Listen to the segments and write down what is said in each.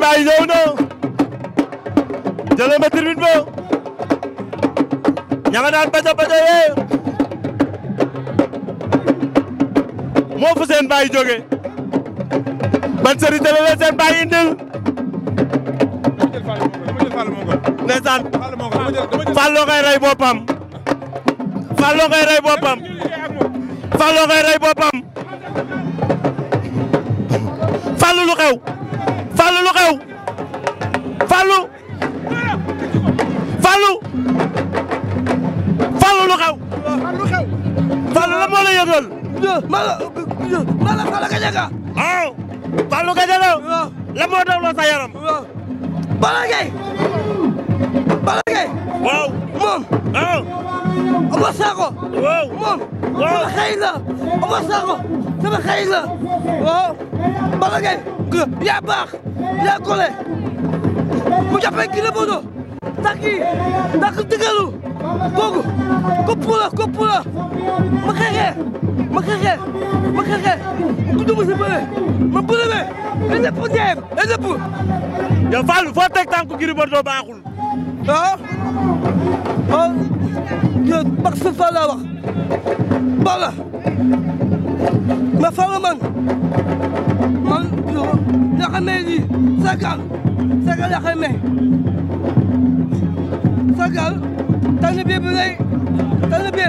Baye ñëw na jëlee ma tribune ba ña nga naan baja baja yee moo fu seen Baye jóge ban sëriñ tele la seen Baye indil. ndeysaan Fallou koy rey boppam Fallou koy rey boppam Fallou koy rey boppam Fallou lu xew. Fallou lu xew Fallou Fallou Fallou lu xew. Fallou la moo la yëgal. ma la Fallou Gadiaga. waaw Fallou Gadiaga. waaw la moo dawloo sa yaram. waaw Balla Gaye. Balla Gaye. moom. waaw. Oumar Sakho. waaw moom. waaw sama xarit la Omar Sakho sama xarit la waaw yaa baax yaa gole bu jàppee kii la bodo takk yi takk dëggalu kooku kopp ma xeexee ma xeexee ma xeexee ku dugg ma bëre e lépp ndeem e lépp yow Fallou foo teg tànk Gris Bordeaux baaxul waaw waaw sa fa Balla ma fala man man yaxa me di sagal sagal yaxa me sagal tànn bi bi lay tànn bi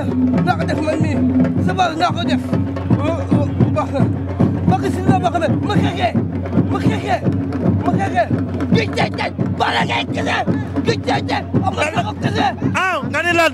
naa ko def man mii sabal naa ko def oh, oh, ma ko si la baax ma xeexee ma xeexee ma xeexee gij jaaj jaaj Balla Gaye kese gij jaaj jaaj am na ko kese nga ni lan